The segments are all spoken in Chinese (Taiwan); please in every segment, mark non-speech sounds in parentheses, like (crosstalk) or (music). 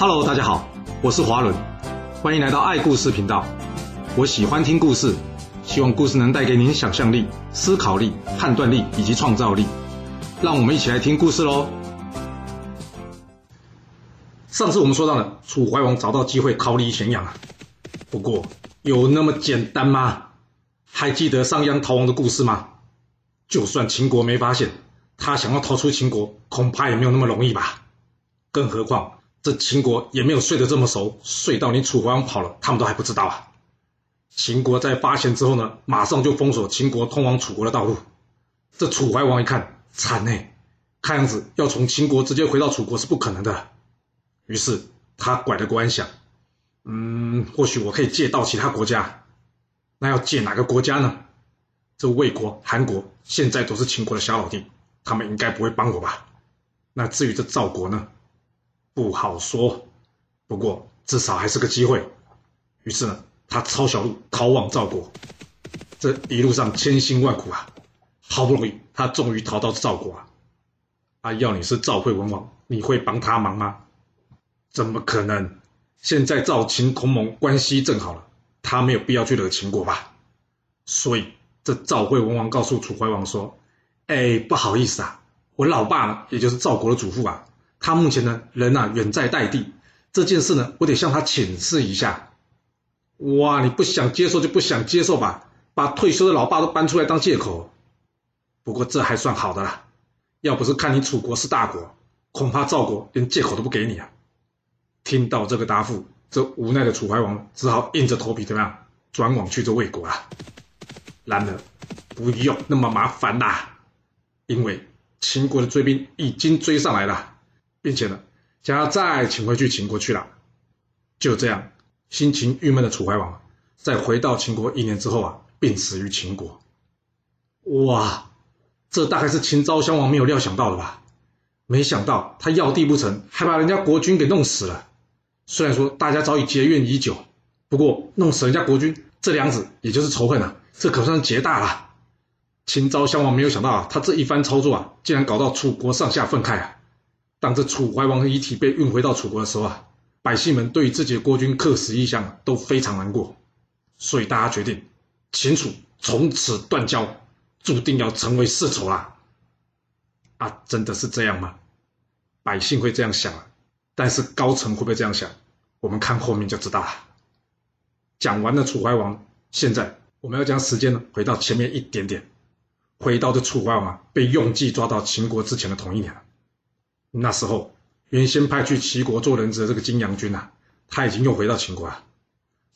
Hello，大家好，我是華倫，歡迎來到愛故事頻道。我喜歡聽故事，希望故事能帶給您想象力、思考力、判斷力以及創造力。讓我們一起來聽故事嘍。上次我們說到了楚懷王找到機會逃離咸陽啊，不過有那麼簡單嗎？還記得商鞅逃亡的故事嗎？就算秦國沒發現，他想要逃出秦國，恐怕也沒有那麼容易吧。更何況，這秦國也沒有睡得這麼熟，睡到你楚懷王跑了，他們都還不知道啊。秦國在發現之後呢，馬上就封鎖秦國通往楚國的道路。這楚懷王一看，慘呢，看樣子要從秦國直接回到楚國是不可能的。於是他拐着彎想，嗯，或許我可以借道其他國家。那要借哪個國家呢？這魏國、韓國現在都是秦國的小老弟，他們應該不會幫我吧？那至於這趙國呢？不好說，不過至少還是個機會。於是呢，他抄小路逃往趙國。這一路上千辛萬苦啊，好不容易他終於逃到趙國啊。啊，要你是趙惠文王，你會幫他忙嗎？怎麼可能？現在趙秦同盟關係正好了，他沒有必要去惹秦國吧。所以這趙惠文王告訴楚懷王說：“哎，不好意思啊，我老爸呢，也就是趙國的主父啊。”他目前呢，人啊遠在代地，這件事呢，我得向他請示一下。哇，你不想接受就不想接受吧，把退休的老爸都搬出來當借口。不過這還算好的啦，要不是看你楚國是大國，恐怕趙國連借口都不給你啊。聽到這個答復，這無奈的楚懷王只好硬着頭皮怎麼樣，轉往去這魏國啊。然而，不用那麼麻煩啦、啊，因為秦國的追兵已經追上來了。並且呢，將他再請回去秦國去了。就這樣，心情鬱悶的楚懷王，在回到秦國一年之後啊，病死於秦國。哇，這大概是秦昭襄王沒有料想到的吧？沒想到他要地不成，還把人家國君給弄死了。雖然說大家早已結怨已久，不過弄死人家國君，這梁子也就是仇恨了、啊，這可算是結大了、啊。秦昭襄王沒有想到啊，他這一番操作啊，竟然搞到楚國上下憤慨啊。當這楚懷王的遺體被運回到楚國的時候啊，百姓們對自己的國君客死異鄉都非常難過，所以大家決定秦楚從此斷交，注定要成為世仇啦、啊！啊，真的是這樣嗎？百姓會這樣想、啊，但是高層會不會這樣想？我們看後面就知道了。講完了楚懷王，現在我們要將時間呢回到前面一點點，回到這楚懷王、啊、被用計抓到秦國之前的同一年。那時候，原先派去齊國做人質的這個金陽君吶、啊，他已經又回到秦國了。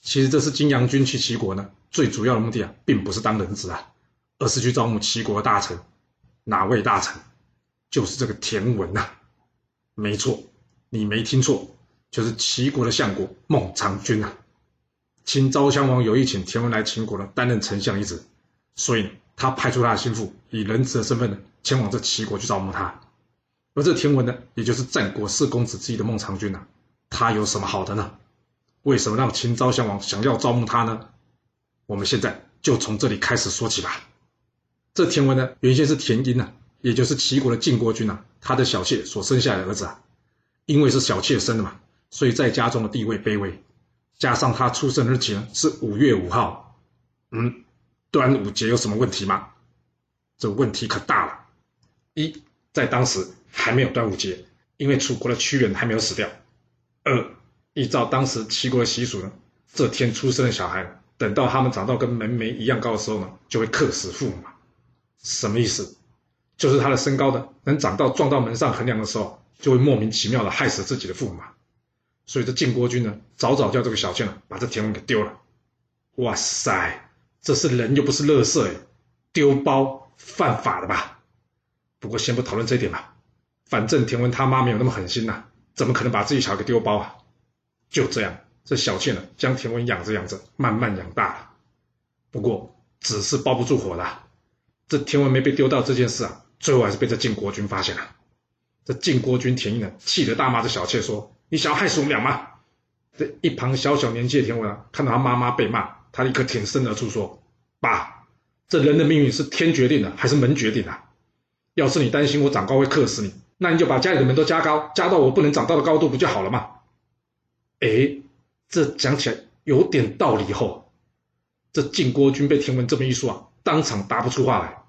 其實，這次金陽君去齊國呢，最主要的目的啊，並不是當人質啊，而是去招募齊國的大臣。哪位大臣？就是這個田文吶、啊，沒錯，你沒聽錯，就是齊國的相國孟嘗君啊。秦昭襄王有意請田文來秦國呢，擔任丞相一職，所以，他派出他的心腹，以人質的身份呢，前往這齊國去招募他。而這田文呢，也就是戰國四公子之一的孟嘗君吶、啊，他有什麼好的呢？為什麼讓秦昭襄王想要招募他呢？我們現在就從這裡開始說起吧。這田文呢，原先是田嬰吶、啊，也就是齊國的靖郭君吶、啊，他的小妾所生下的兒子啊。因為是小妾生的嘛，所以在家中的地位卑微。加上他出生日期呢，是五月五號，嗯，端午節有什麼問題嗎？這問題可大了，一。在當時還沒有端午節，因為楚國的屈原還沒有死掉。而依照當時齊國的習俗呢，這天出生的小孩呢，等到他們長到跟門楣一樣高的時候呢，就會克死父母嘛。什麼意思？就是他的身高的能長到撞到門上橫梁的時候，就會莫名其妙的害死自己的父母嘛。所以這晉國君呢，早早叫這個小妾呢，把這田文給丟了。哇塞，這是人又不是垃圾誒，丟包犯法的吧？不過先不討論這一點吧，反正田文他媽沒有那麼狠心吶、啊，怎麼可能把自己小孩給丟包啊？就這樣，這小妾呢將田文養着養着，慢慢養大了。不過紙是包不住火的，這田文沒被丟到這件事啊，最後還是被這晉國君發現了。這晉國君田嬰呢，氣得大罵這小妾說：“你想要害死我們倆嗎？”這一旁小小年紀的田文啊，看到他媽媽被罵，他立刻挺身而出說：“爸，這人的命運是天決定的，還是門決定的？”要是你擔心我長高會克死你，那你就把家裡的門都加高，加到我不能長到的高度，不就好了嘛？哎，這講起來有點道理。吼，這靖郭君被田文這麼一說啊，當場答不出話來。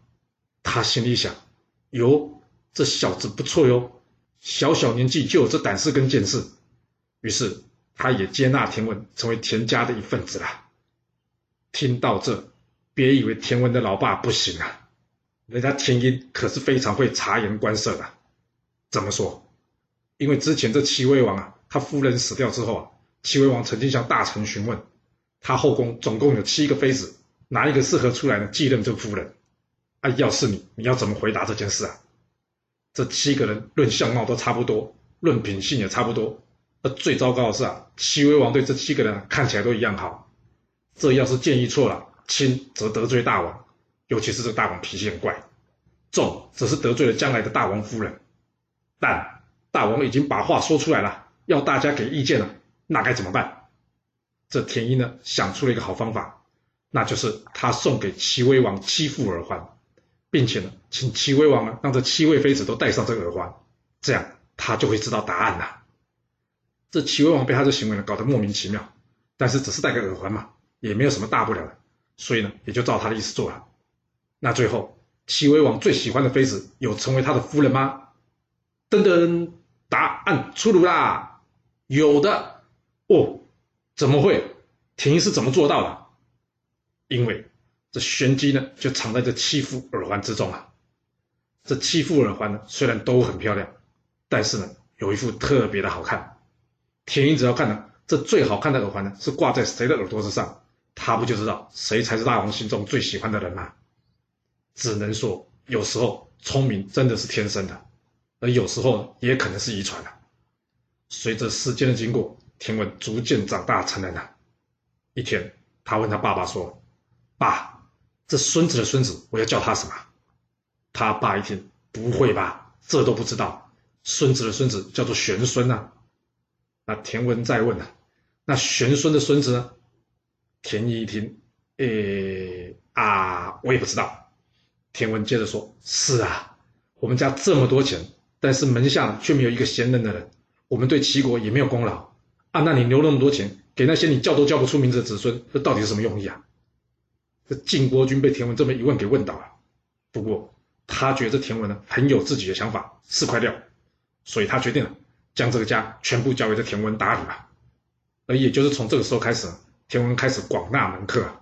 他心裡想：喲，這小子不錯喲，小小年紀就有這膽識跟見識。於是，他也接納田文，成為田家的一份子了。聽到這，別以為田文的老爸不行啊。人家田嬰可是非常會察言觀色的。怎麼說？因為之前這齊威王啊，他夫人死掉之後啊，齊威王曾經向大臣詢問，他後宮總共有七個妃子，哪一個適合出來呢繼任這個夫人？啊，要是你，你要怎麼回答這件事啊？這七個人論相貌都差不多，論品性也差不多，而最糟糕的是啊，齊威王對這七個人看起來都一樣好，這要是建議錯了，輕則得罪大王。尤其是這大王脾氣很怪，重則是得罪了將來的大王夫人，但大王已經把話說出來了，要大家給意見了，那該怎麼辦？這田嬰呢想出了一個好方法，那就是他送給齊威王七副耳環，並且呢請齊威王呢讓這七位妃子都戴上這個耳環，這樣他就會知道答案了。這齊威王被他的行為呢搞得莫名其妙，但是只是戴個耳環嘛，也沒有什麼大不了的，所以呢也就照他的意思做了。那最後，齊威王最喜歡的妃子有成為他的夫人嗎？噔噔，答案出爐啦！有的哦。怎麼會？田嬰是怎麼做到的？因為這玄機呢，就藏在這七副耳環之中啊。這七副耳環呢，雖然都很漂亮，但是呢，有一副特別的好看。田嬰只要看呢，這最好看的耳環呢，是掛在誰的耳朵之上，他不就知道誰才是大王心中最喜歡的人嗎？只能說有時候聰明真的是天生的，而有時候也可能是遺傳的。隨着時間的經過，田文逐漸長大成人了。一天，他問他爸爸說：“爸，這孫子的孫子，我要叫他什麼？”他爸一聽：“不會吧，這都不知道，孫子的孫子叫做玄孫啊。”那田文再問了：“那玄孫的孫子呢？”田嬰一聽：“誒、哎、啊，我也不知道。”田文接着說：“是啊，我們家這麼多錢，但是門下卻沒有一個賢能的人。我們對齊國也沒有功勞啊！那你留那麼多錢給那些你叫都叫不出名字的子孫，這到底是什麼用意啊？”這靖郭君被田文這麼一問給問倒了。不過他覺得這田文呢很有自己的想法，是塊料，所以他決定了將這個家全部交給這田文打理了。而也就是從這個時候開始，田文開始廣納門客啊。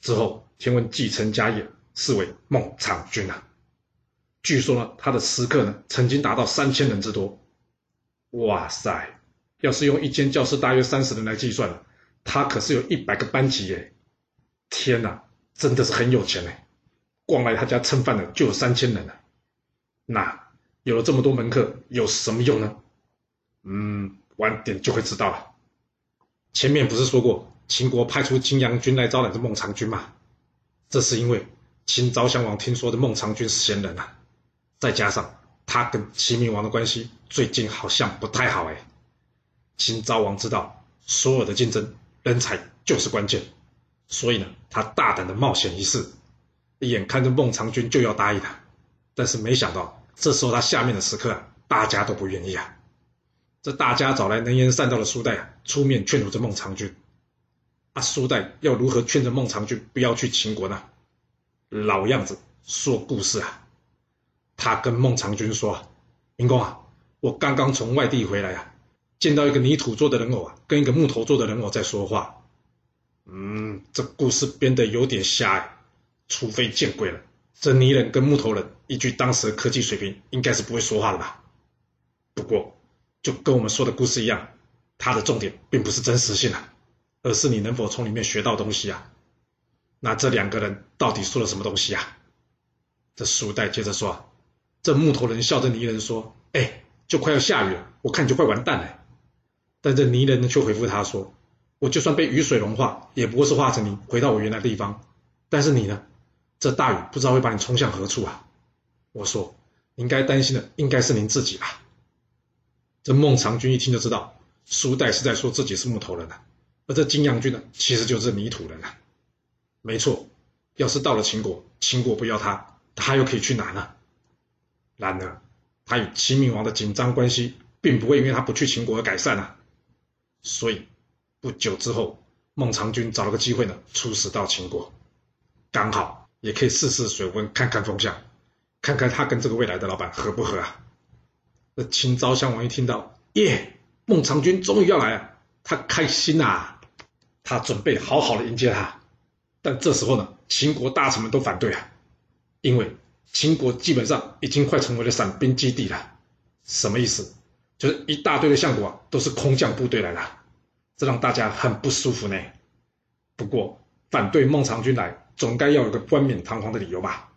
之後田文繼承家業。是位孟嘗君啊，據說呢，他的食客呢曾經達到三千人之多。哇塞，要是用一間教室大約三十人來計算，他可是有一百個班級耶！天哪，真的是很有錢呢，光來他家蹭飯的就有三千人了。那有了這麼多門客有什麼用呢？嗯，晚點就會知道了。前面不是說過秦國派出涇陽君來招攬這孟嘗君嗎？這是因為。秦昭襄王聽說的孟嘗君是賢人啊，再加上他跟齊閔王的關係最近好像不太好哎。秦昭王知道所有的競爭人才就是關鍵，所以呢，他大膽的冒險一試。一眼看着孟嘗君就要答應他，但是沒想到這時候他下面的食客、啊、大家都不願意啊。這大家找來能言善道的蘇代、啊、出面勸阻着孟嘗君。啊，蘇代要如何勸着孟嘗君不要去秦國呢？老樣子，說故事啊。他跟孟嘗君說：“明公啊，我剛剛從外地回來啊，見到一個泥土做的人偶啊，跟一個木頭做的人偶在說話。嗯，這故事編得有點瞎哎，除非見鬼了。這泥人跟木頭人，依據當時的科技水平，應該是不會說話的吧？不過，就跟我們說的故事一樣，它的重點並不是真實性啊，而是你能否從裡面學到東西啊。那這兩個人到底說了什麼東西啊？這蘇代接着說：“這木頭人笑着泥人說：‘哎、欸，就快要下雨了，我看你就快完蛋了。’但這泥人呢，卻回復他說：‘我就算被雨水融化，也不過是化成泥，回到我原來的地方。但是你呢？這大雨不知道會把你沖向何處啊！’我說：‘您該擔心的應該是您自己吧。’這孟嘗君一聽就知道，蘇代是在說自己是木頭人了、啊，而這涇陽君呢，其實就是泥土人了、啊。”沒錯，要是到了秦國，秦國不要他，他又可以去哪呢？然而，他與齊閔王的緊張關係，並不會因為他不去秦國而改善啊。所以，不久之後，孟嘗君找了個機會呢，出使到秦國，剛好也可以試試水溫，看看風向，看看他跟這個未來的老闆合不合啊。那秦昭襄王一聽到，耶，孟嘗君終於要來了，他開心吶、啊，他準備好好的迎接他。但這時候呢，秦國大臣們都反對啊，因為秦國基本上已經快成為了散兵基地了。什麼意思？就是一大堆的相國啊，都是空降部隊來的，這讓大家很不舒服呢。不過反對孟嘗君來，總該要有一個冠冕堂皇的理由吧？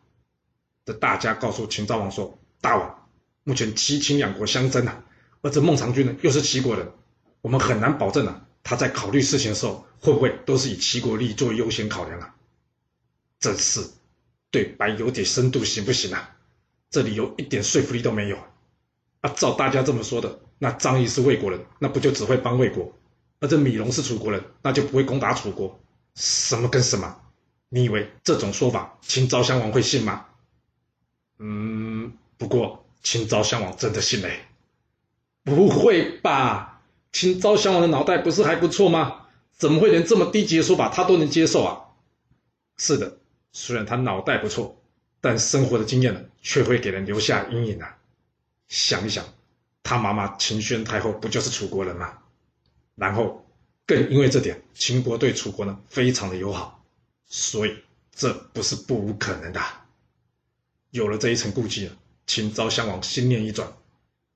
這大家告訴秦昭王說：“大王，目前齊秦兩國相爭啊，而這孟嘗君呢又是齊國人，我們很難保證啊。”他在考慮事情的時候，會不會都是以齊國利益做優先考量啊？真是，對白有點深度行不行啊？這理由一點說服力都沒有。啊，照大家這麼說的，那張儀是魏國人，那不就只會幫魏國？而這米龍是楚國人，那就不會攻打楚國？什麼跟什麼？你以為這種說法，秦昭襄王會信嗎？嗯，不過秦昭襄王真的信嘞？不會吧？秦昭襄王的腦袋不是還不錯嗎？怎麼會連這麼低級的說法他都能接受啊？是的，雖然他腦袋不錯，但生活的經驗呢，卻會給人留下陰影啊。想一想，他媽媽秦宣太後不就是楚國人嗎？然後，更因為這點，秦國對楚國呢非常的友好，所以這不是不無可能的。有了這一層顧忌啊，秦昭襄王心念一轉，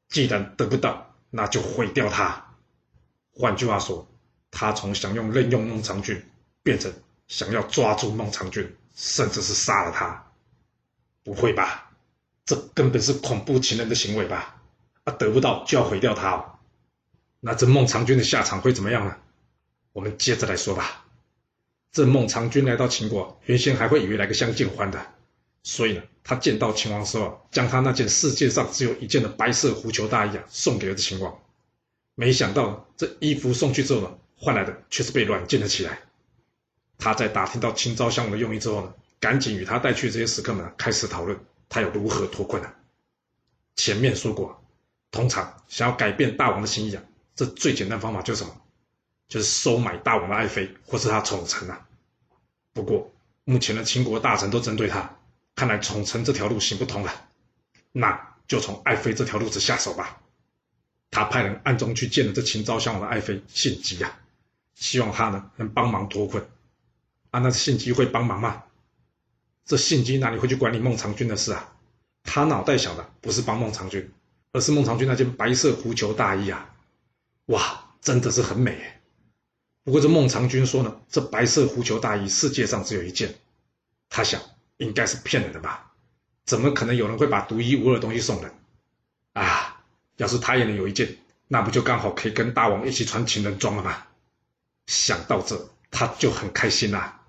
既然得不到，那就毀掉他。換句話說，他從想用任用孟嘗君，變成想要抓住孟嘗君，甚至是殺了他。不會吧？這根本是恐怖情人的行為吧？啊，得不到就要毀掉他哦。那這孟嘗君的下場會怎麼樣呢？我們接着來說吧。這孟嘗君來到秦國，原先還會以為來個相見歡的，所以呢，他見到秦王的時候，將他那件世界上只有一件的白色狐裘大衣啊，送給了秦王。沒想到這衣服送去之後呢，換來的卻是被軟禁了起來。他在打聽到秦昭襄王的用意之後呢，趕緊與他帶去這些使客們開始討論，他要如何脫困呢、啊？前面說過，通常想要改變大王的心意啊，這最簡單方法就是什麼？就是收買大王的愛妃或是他寵臣啊。不過目前的秦國大臣都針對他，看來寵臣這條路行不通了，那就從愛妃這條路子下手吧。他派人暗中去見了這秦昭襄王的愛妃信姬啊，希望她呢能幫忙脫困。啊，那信姬會幫忙嗎？這信姬哪裡會去管理孟嘗君的事啊？他腦袋想的不是幫孟嘗君，而是孟嘗君那件白色狐裘大衣啊！哇，真的是很美誒。不過這孟嘗君說呢，這白色狐裘大衣世界上只有一件。他想，應該是騙人的吧？怎麼可能有人會把獨一無二的東西送人啊？要是他也能有一件，那不就剛好可以跟大王一起穿情人裝了嗎？想到這，他就很開心啦。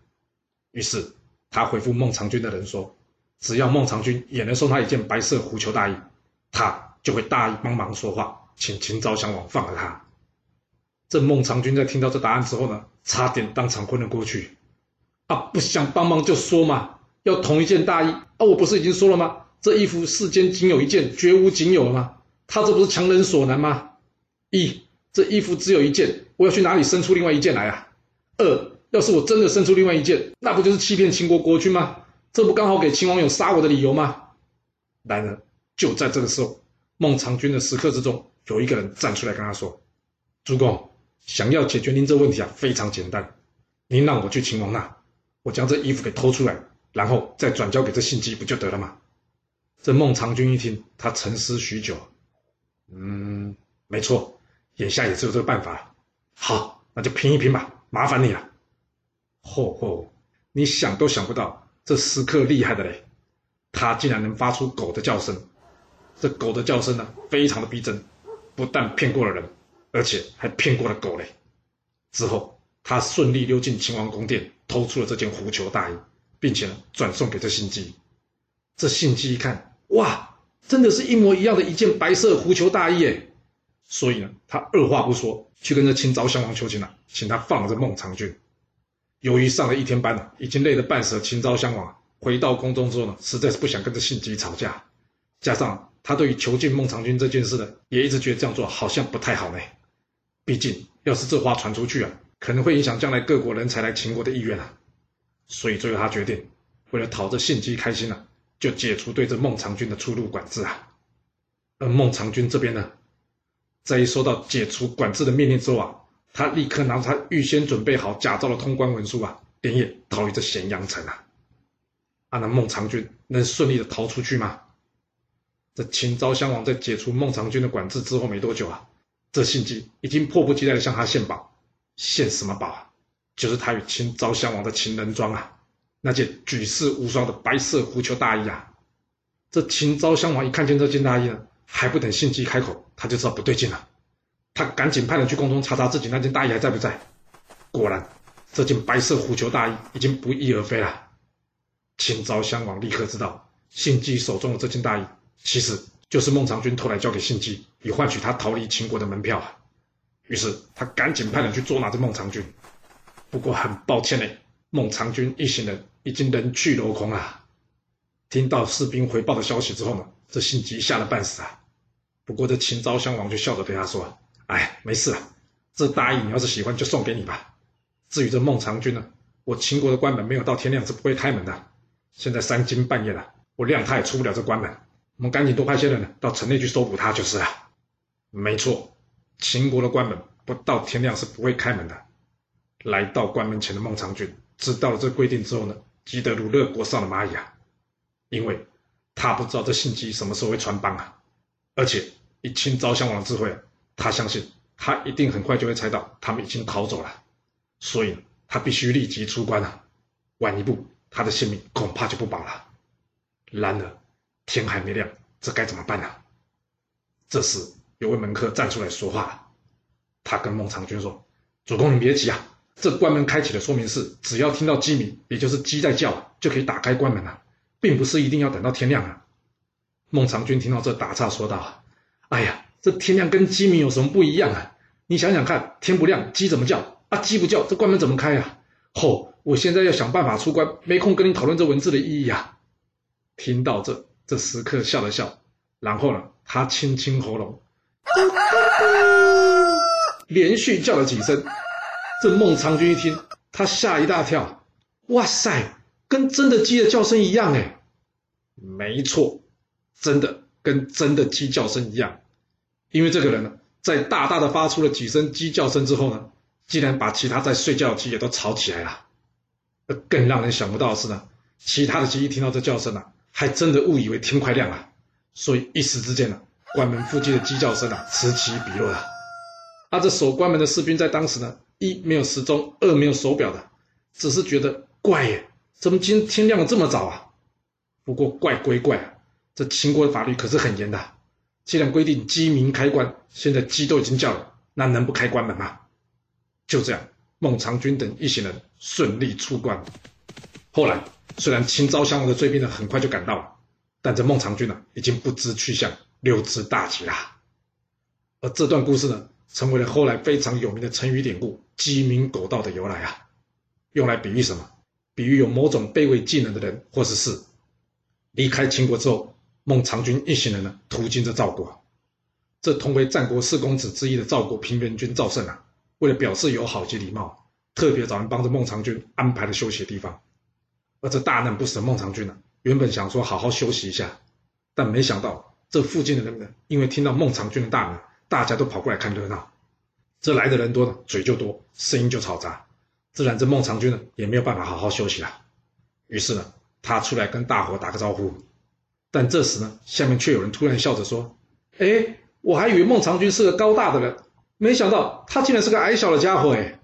於是他回復孟嘗君的人說：“只要孟嘗君也能送他一件白色狐裘大衣，他就會答應幫忙說話，請秦昭襄王放了他。”這孟嘗君在聽到這答案之後呢，差點當場昏了過去。啊，不想幫忙就說嘛，要同一件大衣啊！我不是已經說了嗎？這衣服世間僅有一件，絕無僅有了嗎？他這不是強人所難嗎？一，這衣服只有一件，我要去哪裡生出另外一件來啊？二，要是我真的生出另外一件，那不就是欺騙秦國國君嗎？這不剛好給秦王有殺我的理由嗎？然而，就在這個時候，孟嘗君的食客之中，有一個人站出來跟他說：“主公，想要解決您這問題啊，非常簡單，您讓我去秦王那，我將這衣服給偷出來，然後再轉交給這信姬，不就得了嗎？”這孟嘗君一聽，他沉思許久。嗯，沒錯，眼下也只有這個辦法了。好，那就拼一拼吧，麻煩你了。吼、哦、吼、哦，你想都想不到，這食客厲害的嘞，他竟然能發出狗的叫聲。這狗的叫聲呢，非常的逼真，不但騙過了人，而且還騙過了狗嘞。之後，他順利溜進秦王宮殿，偷出了這件狐裘大衣，並且呢，轉送給這幸姬。這幸姬一看，哇！真的是一模一樣的一件白色狐裘大衣，哎，所以呢，他二話不說去跟這秦昭襄王求情了、啊，請他放着孟嘗君。由於上了一天班了，已經累得半死了，秦昭襄王、啊、回到宮中之後呢，實在是不想跟這信姬吵架，加上他對於囚禁孟嘗君這件事呢，也一直覺得這樣做好像不太好呢。畢竟要是這話傳出去啊，可能會影響將來各國人才來秦國的意願啊。所以最後他決定，為了討這信姬開心啊，就解除對這孟嘗君的出入管制啊！而孟嘗君這邊呢，在一收到解除管制的命令之後啊，他立刻拿出他預先準備好假造的通關文書啊，連夜逃離這咸陽城啊！啊，那孟嘗君能順利的逃出去嗎？這秦昭襄王在解除孟嘗君的管制之後沒多久啊，這幸姬已經迫不及待的向他獻寶，獻什麼寶？啊？就是他與秦昭襄王的情人裝啊！那件舉世無雙的白色狐裘大衣啊！這秦昭襄王一看見這件大衣呢，還不等信姬開口，他就知道不對勁了。他趕緊派人去宮中查查自己那件大衣還在不在。果然，這件白色狐裘大衣已經不翼而飛了。秦昭襄王立刻知道，信姬手中的這件大衣其實就是孟嘗君偷來交給信姬，以換取他逃離秦國的門票啊。於是他趕緊派人去捉拿這孟嘗君。不過很抱歉嘞，孟嘗君一行人。已經人去樓空了。聽到士兵回報的消息之後呢，這心急嚇得半死啊。不過這秦昭襄王就笑着對他說：“哎，沒事啊，這大衣你要是喜歡就送給你吧。至於這孟嘗君呢，我秦國的關門沒有到天亮是不會開門的。現在三更半夜了，我諒他也出不了這關門。我們趕緊多派些人呢，到城內去搜捕他就是了。”沒錯，秦國的關門不到天亮是不會開門的。來到關門前的孟嘗君知道了這規定之後呢。急得如熱鍋上的螞蟻啊！因為他不知道這信息什麼時候會穿幫啊！而且以秦昭襄王的智慧，他相信他一定很快就會猜到他們已經逃走了，所以他必須立即出關啊！晚一步，他的性命恐怕就不保了。然而天還沒亮，這該怎麼辦呢、啊？這時有位門客站出來說話了，他跟孟嘗君說：“主公，你別急啊！”這關門開啟的說明是，只要聽到雞鳴，也就是雞在叫，就可以打開關門了、啊，並不是一定要等到天亮啊。孟嘗君聽到這，打岔說道：“哎呀，這天亮跟雞鳴有什麼不一樣啊？你想想看，天不亮雞怎麼叫啊？雞不叫，這關門怎麼開呀、啊？”吼、哦！我現在要想辦法出關，沒空跟你討論這文字的意義啊。聽到這，這食客笑了笑，然後呢，他清清喉嚨， (laughs) 連續叫了幾聲。這孟嘗君一聽，他嚇一大跳，哇塞，跟真的雞的叫聲一樣誒，沒錯，真的跟真的雞叫聲一樣，因為這個人呢，在大大的發出了幾聲雞叫聲之後呢，竟然把其他在睡覺的雞也都吵起來了。更讓人想不到的是呢，其他的雞一聽到這叫聲呢、啊，還真的誤以為天快亮了，所以一時之間呢、啊，關門附近的雞叫聲啊此起彼，彼落啊。啊，這守關門的士兵在當時呢。一沒有時鐘，二沒有手錶的，只是覺得怪耶，怎麼今天亮得這麼早啊？不過怪歸怪啊，這秦國的法律可是很嚴的，既然規定雞鳴開關，現在雞都已經叫了，那能不開關門嗎？就這樣，孟嘗君等一行人順利出關。後來雖然秦昭襄王的追兵呢很快就趕到了，但這孟嘗君呢已經不知去向，溜之大吉了。而這段故事呢，成為了後來非常有名的成語典故“雞鳴狗盜”的由來啊，用來比喻什麼？比喻有某種卑微技能的人或是事。離開秦國之後，孟嘗君一行人呢，途經着趙國。這同為戰國四公子之一的趙國平原君趙勝啊，為了表示友好及禮貌，特別找人幫着孟嘗君安排了休息的地方。而這大難不死的孟嘗君呢，原本想說好好休息一下，但沒想到這附近的人呢，因為聽到孟嘗君的大名。大家都跑過來看熱鬧，這來的人多呢，嘴就多，聲音就吵雜，自然這孟嘗君呢也沒有辦法好好休息了、啊。於是呢，他出來跟大夥打個招呼，但這時呢，下面卻有人突然笑着說：“哎，我還以為孟嘗君是個高大的人，沒想到他竟然是個矮小的家伙。”哎，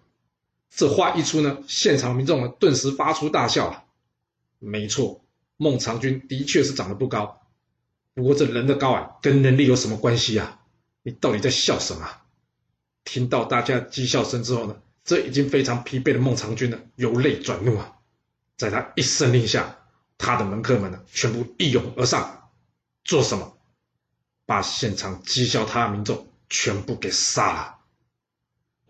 這話一出呢，現場民眾呢頓時發出大笑、啊。沒錯，孟嘗君的確是長得不高，不過這人的高矮、啊、跟能力有什麼關係呀、啊？你到底在笑什麼啊？聽到大家譏笑聲之後呢，這已經非常疲憊的孟嘗君呢，由淚轉怒啊！在他一聲令下，他的門客們呢，全部一擁而上，做什麼？把現場譏笑他的民眾全部給殺了！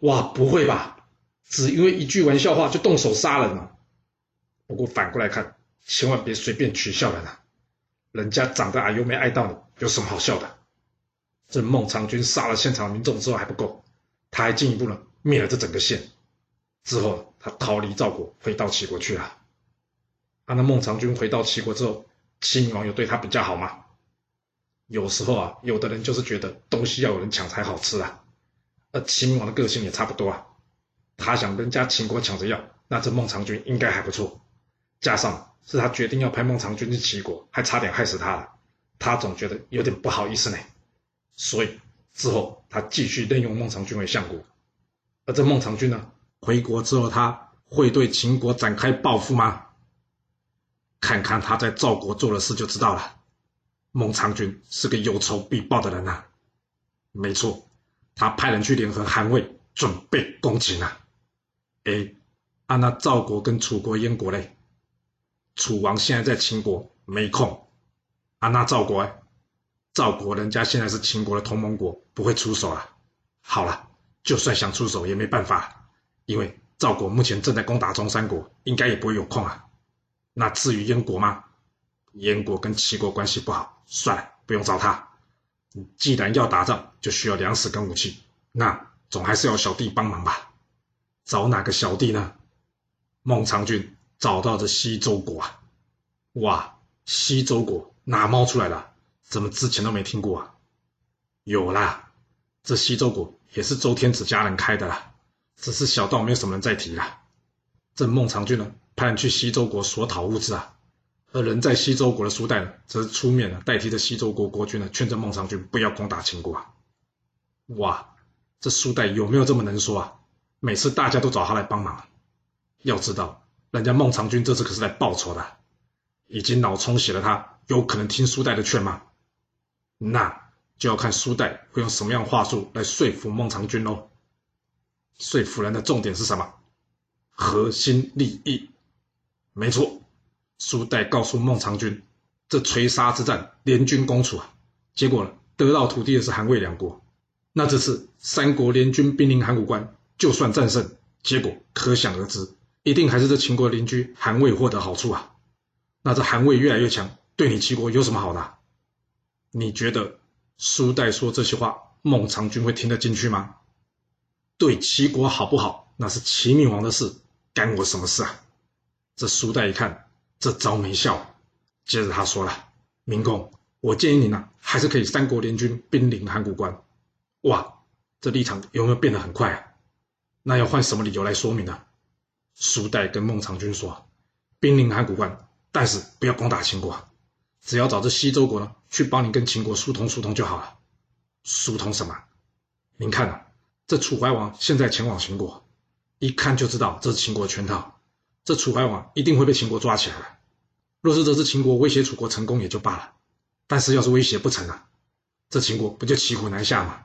哇，不會吧？只因為一句玩笑話就動手殺人了？不過反過來看，千萬別隨便取笑人啊，人家長得矮又沒礙到你，有什麼好笑的？這孟嘗君殺了現場民眾之後還不夠，他還進一步呢，滅了這整個縣。之後他逃離趙國，回到齊國去了。啊，那孟嘗君回到齊國之後，齊閔王有對他比較好嗎？有時候啊，有的人就是覺得東西要有人搶才好吃啊。而齊閔王的個性也差不多啊，他想跟人家秦國搶着要，那這孟嘗君應該還不錯。加上是他決定要派孟嘗君去齊國，還差點害死他了，他總覺得有點不好意思呢。所以之後，他繼續任用孟嘗君為相國。而這孟嘗君呢？回國之後，他會對秦國展開報復嗎？看看他在趙國做的事就知道了。孟嘗君是個有仇必報的人吶、啊。沒錯，他派人去聯合韓魏，準備攻秦啊。哎，啊、那趙國跟楚國、燕國嘞？楚王現在在秦國，沒空。啊、那趙國哎。趙國人家現在是秦國的同盟國，不會出手了。好了，就算想出手也沒辦法，因為趙國目前正在攻打中山國，應該也不會有空啊。那至於燕國嗎？燕國跟齊國關係不好，算了，不用找他。既然要打仗，就需要糧食跟武器，那總還是要小弟幫忙吧。找哪個小弟呢？孟嘗君找到這西周國啊！哇，西周國哪冒出來的？怎麼之前都沒聽過啊？有啦，這西周國也是周天子家人開的啦，只是小道沒有什麼人在提了。這孟嘗君呢，派人去西周國索討物資啊。而人在西周國的蘇代呢，則是出面了，代替這西周國國君呢，勸這孟嘗君不要攻打秦國啊。哇，這蘇代有沒有這麼能說啊？每次大家都找他來幫忙。要知道，人家孟嘗君這次可是來報仇的，已經腦充血了他，他有可能聽蘇代的勸嗎？那就要看蘇代會用什麼樣話術來說服孟嘗君咯，說服人的重點是什麼？核心利益。沒錯，蘇代告訴孟嘗君，這垂沙之戰聯軍攻楚啊，結果得到土地的是韓魏兩國。那這次三國聯軍兵臨函谷關，就算戰勝，結果可想而知，一定還是這秦國鄰居韓魏獲得好處啊。那這韓魏越來越強，對你齊國有什麼好的啊？你覺得蘇代說這些話，孟嘗君會聽得進去嗎？對齊國好不好，那是齊閔王的事，干我什麼事啊？這蘇代一看，這招沒效，接着他說了：“明公，我建議你呢，還是可以三國聯軍兵臨函谷關。”哇，這立場有沒有變得很快啊？那要換什麼理由來說明呢、啊？蘇代跟孟嘗君說：“兵臨函谷關，但是不要攻打秦國。”只要找這西周國呢，去幫你跟秦國疏通疏通就好了。疏通什麼？您看啊，這楚懷王現在前往秦國，一看就知道這是秦國的圈套。這楚懷王、啊、一定會被秦國抓起來的。若是這次秦國威脅楚國成功也就罷了，但是要是威脅不成啊，這秦國不就騎虎難下嗎？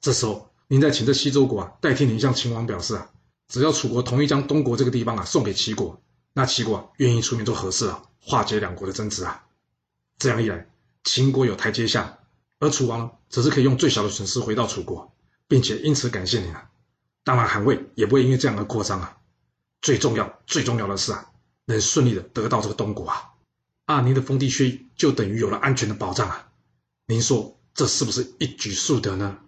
這時候您再請這西周國啊，代替您向秦王表示啊，只要楚國同意將東國這個地方啊送給齊國，那齊國、啊、願意出面做和事啊，化解兩國的爭執啊。這樣一來，秦國有台階下，而楚王則是可以用最小的損失回到楚國，並且因此感謝您啊。當然，韓魏也不會因為這樣而擴張啊。最重要、最重要的是啊，能順利的得到這個東國啊，啊，您的封地區就等於有了安全的保障啊。您說這是不是一舉數得呢？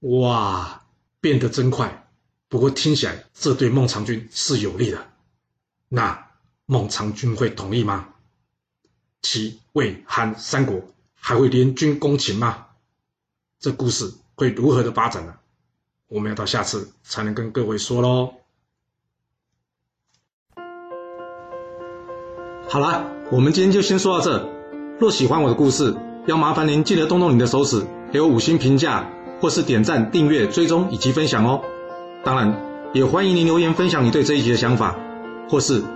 哇，變得真快。不過聽起來這對孟嘗君是有利的，那孟嘗君會同意嗎？齊、魏、韓三國還會聯軍攻秦嗎？這故事會如何的發展呢、啊？我們要到下次才能跟各位說嘍。好了，我們今天就先說到這。若喜歡我的故事，要麻煩您記得動動你的手指，給我五星評價，或是點讚、訂閱、追蹤以及分享哦。當然，也歡迎您留言分享你對這一集的想法，或是。